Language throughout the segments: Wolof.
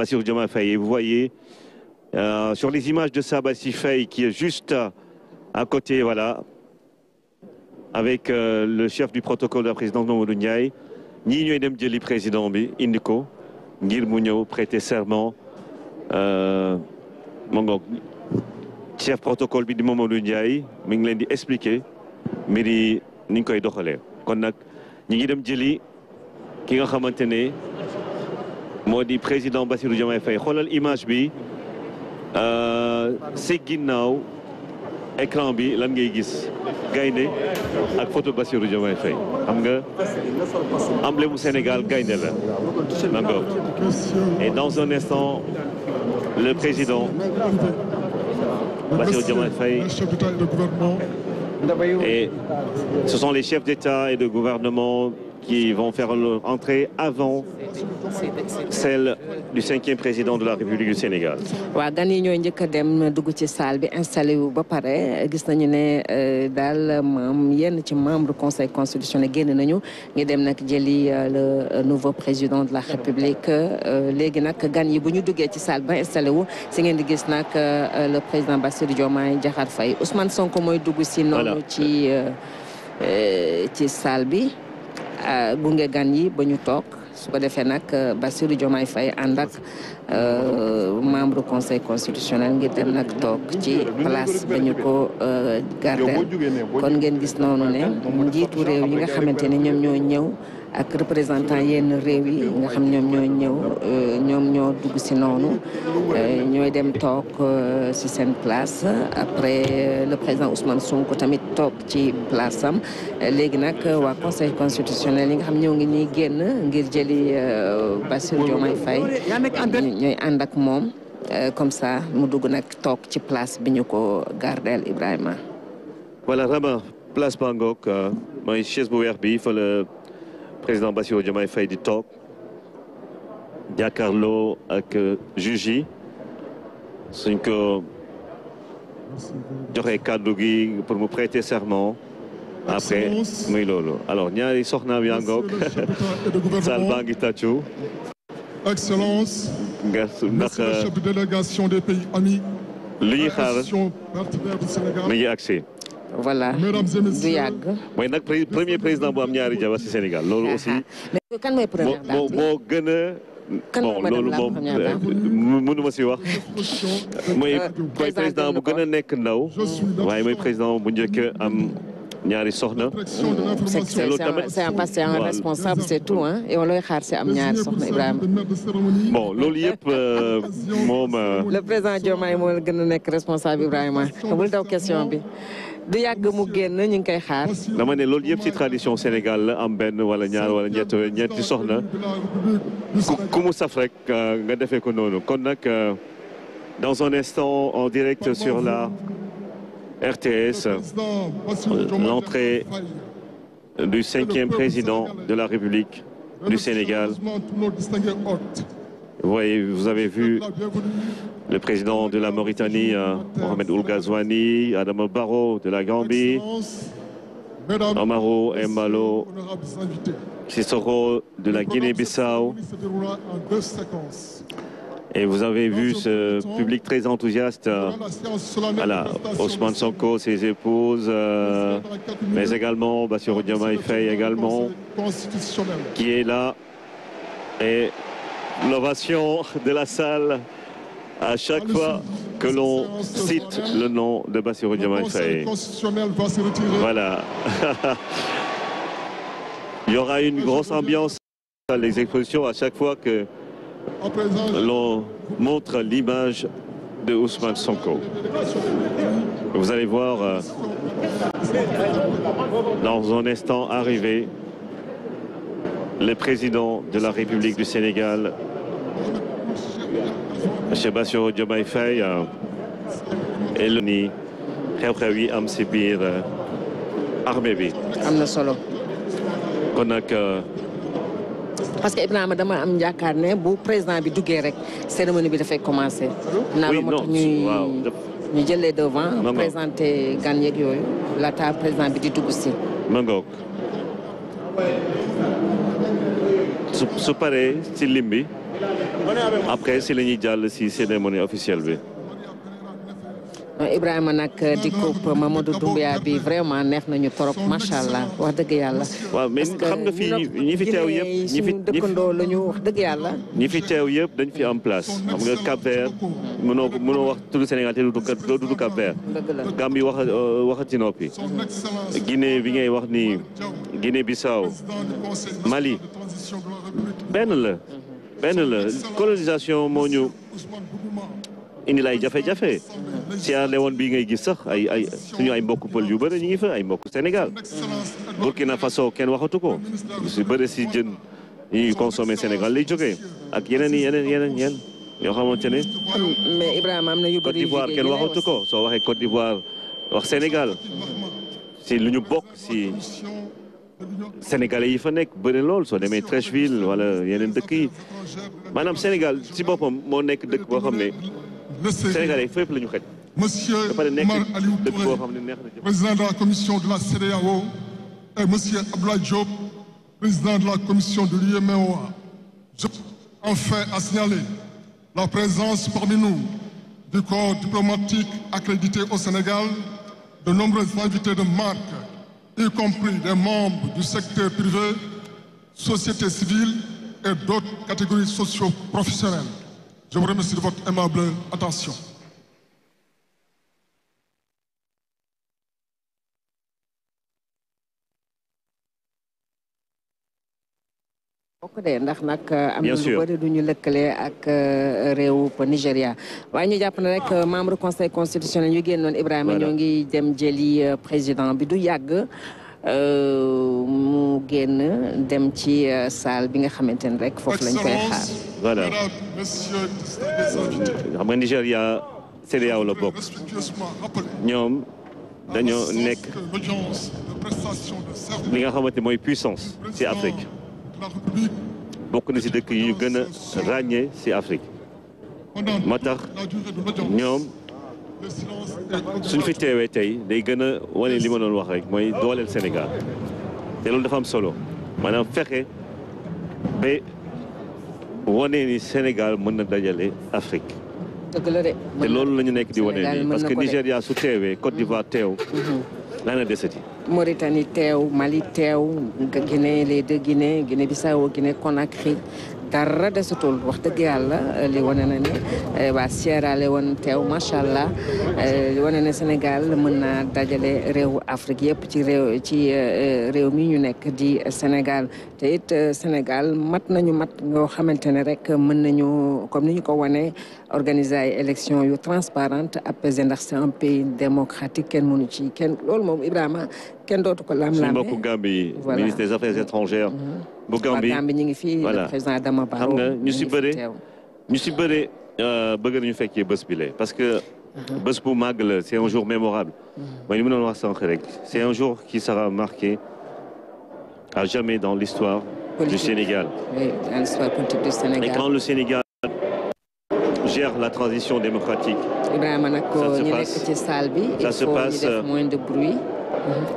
Bassirou Diomaye Faye. Et vous voyez euh, sur les images de Sabassi Faye qui est juste à, à côté, voilà, avec euh, le chef du protocole de la présidence Mamadou Ndiaye ñii ñooy dem jëli président bi indi ko ngir mu ñëw prêter serment euh, mu ngoog chef protocole bi di Mamadou Ndiaye mi ngi leen di expliquer mbir yi ni ñu koy doxalee kon nag ñi ngi dem jëli ki nga xamante ne moo président Bassirou Diomaye Faye xoolal image bi euh, si ginnaaw bi lan ngay gis gaynde ak photo Bassirou Diomaye Faye xam nga emblème mu Sénégal gaynde la ma et dans un instant le président Bassirou Diomaye et ce sont les chefs d'État et de gouvernement qui vont faire entrer avant celle du cinquième président de la République du Sénégal. waaw gan yi ñooy njëkk a dem dugg ci salle bi installé wu ba pare gis nañu ne euh, daal maam yenn ci membre de conseil constitutionnel génn nañu ngi dem nag jëli euh, le euh, nouveau président de la République léegi nag gan yi bu ñu duggee ci salle ba installé wu si ngeen di gis nag le président Bassirou Diomaye fay Faye Ousmane Sonko mooy dugg si noonu ci ci salle bi. Euh, gunge gan yi ba ñu toog su ko defee nag euh, Bassirou Diomaye fay ànd ak euh, membre conseil constitutionnel ngir dem nag toog ci place ba ñu ko gardeel kon ngeen gis noonu ne njiitu réew yi nga xamante ne ñoom ñoo ñëw ak représentant yenn réew yi nga xam ñoom ñoo ñëw euh, ñoom ñoo dugg si noonu euh, ñooy dem toog euh, si seen place après le président Ousmane Sonko tamit toog ci place am léegi nag waa conseil constitutionnel yi nga xam ñëw ngi nii génn ngir jëli Bassirou Diomaye Faye ñooy ànd ak moom comme ça mu dugg nag toog ci place bi ñu ko gardeel Ibrahima. voilà Rama place bi président Bassirou Diomaye Faye di toog jàkkaarloo ak euh, juge yi suñ ko kàddu gi pour mu prêter serment après muy loolu alors ñaari soxna yaa ngoog sal baa ngi excellence euh, délégation des pays amis li ñuy xaar mi ngi voilà du yàgg. mooy nag premier président bu am ñaari jabar ci Sénégal loolu ah, aussi. Ah. mais kan mooy première moo gën a. bon loolu moom euh, mënuma wax. Euh, mooy président bu gën a nekk ndaw. mooy président bu njëkk am. ñaari soxna. c'est un passé un responsable c'est et on looy si am ñaari soxna Ibrahima. bon loolu yëpp euh, moom. le président Diomaye moo gën a nekk responsable Ibrahima bul daw bi. du yàgg mu génn ñu ngi koy xaar. dama ne loolu yëpp ci tradition Sénégal la am benn wala ñaar wala ñett ñetti soxna ku mu saf euh, nga defee ko noonu kon nag euh, dans un instant en direct sur la RTS euh, l'entrée du cinquième président de la République du Sénégal. vous avez vu le président de la Mauritanie, euh, Mohamed Ould Ghazouani, Adama Barrow de la Gambie, Amaro Embalo Sissoko de la Guinée-Bissau. Et vous avez vu ce public très enthousiaste. Voilà, euh, Osman Sonko, ses épouses, euh, mais également Bassirou Diomaye également, qui est là. Et l'ovation de la salle à chaque fois que l'on cite le nom de Bassirou Diomaye Voilà. Il y aura une grosse ambiance à l'exposition à chaque fois que l'on montre l'image de Ousmane Sonko. Vous allez voir euh, dans un instant arriver le président de la République du Sénégal monsieur Bassirou Diomaye Faye euh, et xew-xew yi am ci biir euh, armée bi. am na solo. kon nag. Euh, parce que Ibrahima dama am yaakaar ne bu président bi duggee rek cérémonie bi dafay commencer. naa la moo tax ñuy ñu jëlee devant. présenter gan yeeg yooyu laata président bi di dugg si. Mangook su paree ci lim bi. après si la ñuy jàll si cérémonie officielle bi. Ibrahima nag di coupe Mamadou Doumbia bi vraiment neex nañu trop macha allah wax dëgg yàlla. waaw mais xam nga fii ñi fi teew yëpp ñi fi dëkkandoo la ñu wax dëgg yàlla. ñi fi teew yëpp dañ fi am place xam nga Cap Vert mënoo wax tudd Sénégal te doo tudd Cap Vert. dëgg la Gambie wax euh, waxati noppi. Guinée bi ngay wax nii Guinée Bissau Mali benn la. benn la colonisation moo ñu indi lay jafe-jafe Sierra Leone bii ngay gis sax ay ay suñu ay mbokk pël yu bëri ñu ngi fa ay mbokk Sénégal Burkina Faso kenn waxatu ko si bëri si jën ñuy consommé Sénégal lay jógee ak yeneen i yeneen yeneen yeneen yoo xamante ne. mais Ibrahima am na yu bëri d'Ivoire kenn waxatu ko soo waxee Côte d'Ivoire wax Sénégal si lu ñu bokk si. sénégalais yi fa nekk bëri lool soo demee Treichville wala yeneen dëkk yi maanaam Sénégal ci boppam moo nekk dëkk boo xam ne sénégalais la ñu xëj. monsieur Omar Aliou Touré président de la commission de la CEDEAO et monsieur Abdoulaye Diop président de la commission de l'UEMOA. Je enfin à signaler la présence parmi nous du corps diplomatique accrédité au Sénégal de nombreux invités de marque. y compris des membres du secteur privé, société civile et d'autres catégories socio-professionnelles. Je vous remercie de votre aimable attention. ndax nag. am na lu bëri du ñu lëkkale ak euh, réew pa Nigéria. waaye ñu jàpp na rek euh, membre conseil constitutionnel yu génnoon Ibrahima ñoo ngi dem jëli euh, président bi du yàgg. mu génn dem ci salle bi nga xamante ne rek foofu lañ koy xaar. xam nga Nigéria CEDEAO la bokk ñoom dañoo nekk li nga xamante mooy puissance ci Afrique. bokk na ci dëkk yi ñu gën a ràññee ci Afrique moo tax ñoom suñ fi teewee tey day gën a wane li ma doon wax rek mooy dooleel Sénégal te loolu dafa am solo maanaam fexe ba wane ni Sénégal mën na dajale Afrique te loolu la ñu nekk di wane nii parce que Nigéria su teewee Côte d'Ivoire teew mhm. laa na desati ni teew Mali teew Guinée les deux Guinée Guinée Bissau Guinée Conakry dara desatul wax dëgg yàlla eh, li wane na ne eh, waa Sierra Leone teew macha allah eh, li wane na Sénégal mën na dajale réewu Afrique yëpp ci réew ci réew mi ñu nekk di Sénégal te it Sénégal mat nañu mat ngoo xamante ne rek mën nañu comme ni ñu ko wane organiser ay élection yu transparente apaisé ndax c'est un pays démocratique kenn mënu ci kenn loolu moom Ibrahima kenn dootu ko lam lam mbokku Gambie ministre des affaires mm-hmm. étrangères mm-hmm. bu Gambie ñu ngi fii le président Adama Barrow xam nga ñu si bëre ñu si bëre euh, bëgg nañu fekkee bés bi lee parce que mm-hmm. bés bu màgg la c'est un jour mémorable mooy li mu doon wax sànq rek c'est un jour qui sera marqué à jamais dans l'histoire du Sénégal oui, dans l'histoire politique du Sénégal et quand le Sénégal gère la transition démocratique Ibrahima nag ko ñu nekk ci salle bi ça se passe moins de bruit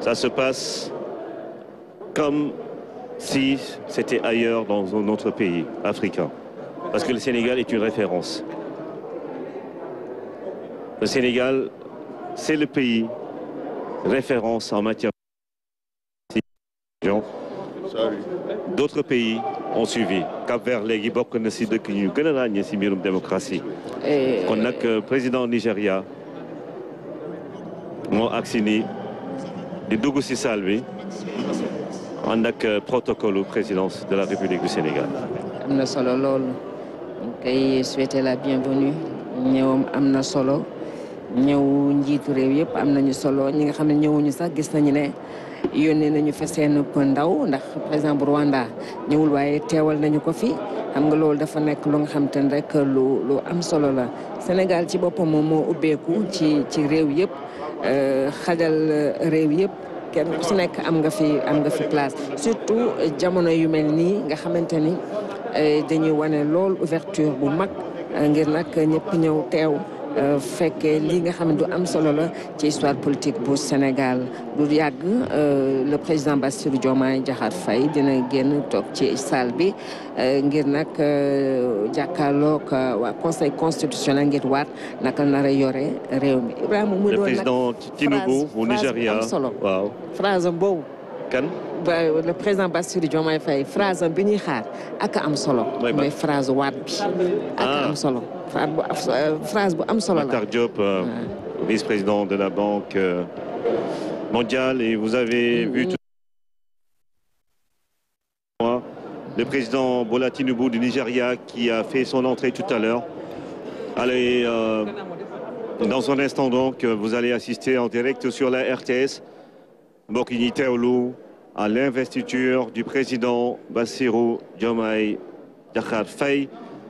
Ça se passe comme si c'était ailleurs dans un autre pays africain. Parce que le Sénégal est une référence. Le Sénégal, c'est le pays référence en matière d'autres pays ont suivi Cap Vert léegi bokk na si dëkk ñu gën a ràññee si mbirum démocratie kon nag euh, président Nigéria moo agsi di dugg ci salle bi ànd ak euh, protocole présidence de la République du am na solo loolu ñu koy souhaiter la bienvenue ñëwam am na solo ñëw njiitu réew yëpp am nañu solo ñi nga xam ne ñëwuñu sax gis nañu ne yónnee nañu fa seen ndaw ndax par exemple Rwanda ñëwul waaye teewal nañu ko fi. xam nga loolu dafa nekk lu nga xam te ne rek lu am solo la Sénégal ci boppam moom moo ubbeeku ci ci réew yëpp. xajal euh, réew yëpp kenn su nekk am nga fi am nga fi place surtout jamono yu mel nii nga xamante ni euh, dañuy wane lool ouverture bu mag euh, ngir nag ñëpp ñëw teew Euh, fekkee li nga xam ne du am solo la ci histoire politique bu Sénégal du yàgg euh, le président Bassirou Diomaye Diakhar Faye dina génn toog ci salle bi euh, ngir nag jàkkaarloog waa conseil constitutionnel ngir waat naka nara yore réew mi. le président Tinubu bu Nigéria waaw phrase boobu le président Bassirou Diomaye Faye phrase am bi ñuy xaar ak am solo. mooy phrase waat bi. Ah. phrase bu am solo la. Matar Diop euh, ah. vice-président de la Banque euh, mondiale et vous avez mm-hmm. vu tout le président Bola Tinubu du Nigeria qui a fait son entrée tout à l'heure. Euh, dans un instant donc, vous allez assister en direct sur la RTS. mbokk yi à l'investiture du président Bassirou Diomaye Dakhar Faye.